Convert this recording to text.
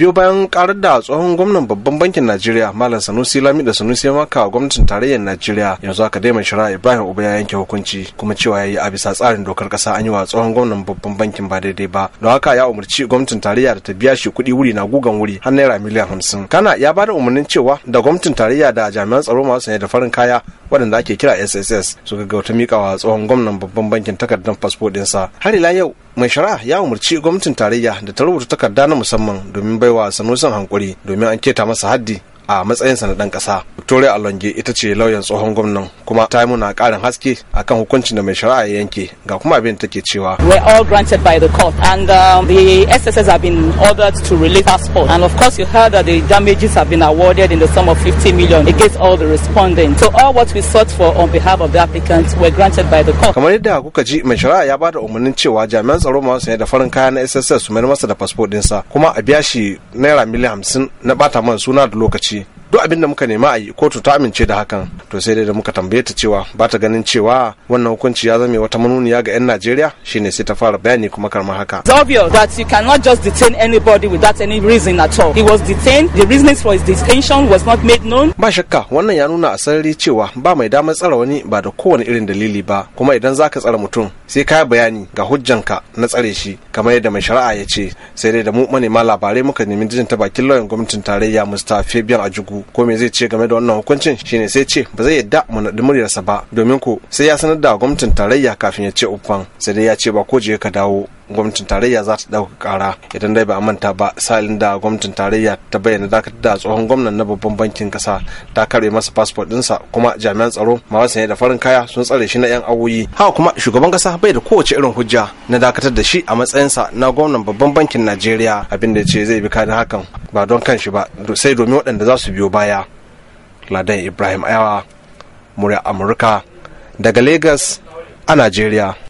biyo bayan karar da tsohon gwamnan babban bankin najeriya malam sanusi lami da sanusi ya maka gwamnatin tarayyar najeriya yanzu aka daima shira ibrahim uba ya yanke hukunci kuma cewa ya yi a bisa tsarin dokar kasa an yi wa tsohon gwamnan babban bankin ba daidai ba don haka ya umarci gwamnatin tarayya da ta biya shi kuɗi wuri na gugan wuri har naira miliyan hamsin kana ya bada umarnin cewa da gwamnatin tarayya da jami'an tsaro masu sanye da farin kaya waɗanda ake kira sss suka gauta mikawa tsohon gwamnan babban bankin takardar fasfo ɗinsa har ila yau mai shara ya umarci gwamnatin tarayya da ta rubuta takarda na musamman domin baiwa sanusan hankuri domin an keta masa haddi a matsayinsa na dan kasa victoria alonge ita ce lauyan tsohon gwamnan kuma ta yi muna karin haske akan hukuncin da mai shari'a ya yanke ga kuma abin da take cewa we all granted by the court and um, the SSS have been ordered to release passport and of course you heard that the damages have been awarded in the sum of 50 million against all the respondents so all what we sought for on behalf of the applicants were granted by the court kamar yadda kuka ji mai shari'a ya bada umarnin cewa jami'an tsaro masu sanye da farin kaya na SSS su mayar masa da passport dinsa kuma a biya shi naira miliyan hamsin na bata man suna da lokaci duk abin da muka nema a yi kotu ta amince da hakan to sai dai da muka tambaye ta cewa ba ta ganin cewa wannan hukunci ya zame wata manuniya ga 'yan najeriya shine sai ta fara bayani kuma karma haka it's obvious that you cannot just detain anybody without any reason at all he was detained the reasons for his detention was not made known ba shakka wannan ya nuna a sarari cewa ba mai damar tsara wani ba da kowane irin dalili ba kuma idan zaka tsara mutum sai ka bayani ga hujjanka na tsare shi kamar yadda mai shari'a ya ce sai dai da mu manema labarai muka nemi jin ta bakin lauyan gwamnatin tarayya musta Fabian Ajugu ko me zai ce game da wannan hukuncin shine sai ce ba zai yadda mu naɗi muryarsa ba domin ko sai ya sanar da gwamnatin tarayya kafin ya ce uffan sai dai ya ce ba ko je ka dawo gwamnatin tarayya za ta ɗauka kara idan dai ba a manta ba sa'ilin da gwamnatin tarayya ta bayyana dakatar da tsohon gwamnan na babban bankin kasa ta kare masa fasfot dinsa kuma jami'an tsaro ma wasu da farin kaya sun tsare shi na 'yan awoyi haka kuma shugaban ƙasa bai da kowace irin hujja na dakatar da shi a matsayinsa na gwamnan babban bankin najeriya abin da ya ce zai bi kadin hakan ba don kan shi ba sai domin waɗanda za su biyo baya ladan ibrahim ayawa murya amurka daga lagos a najeriya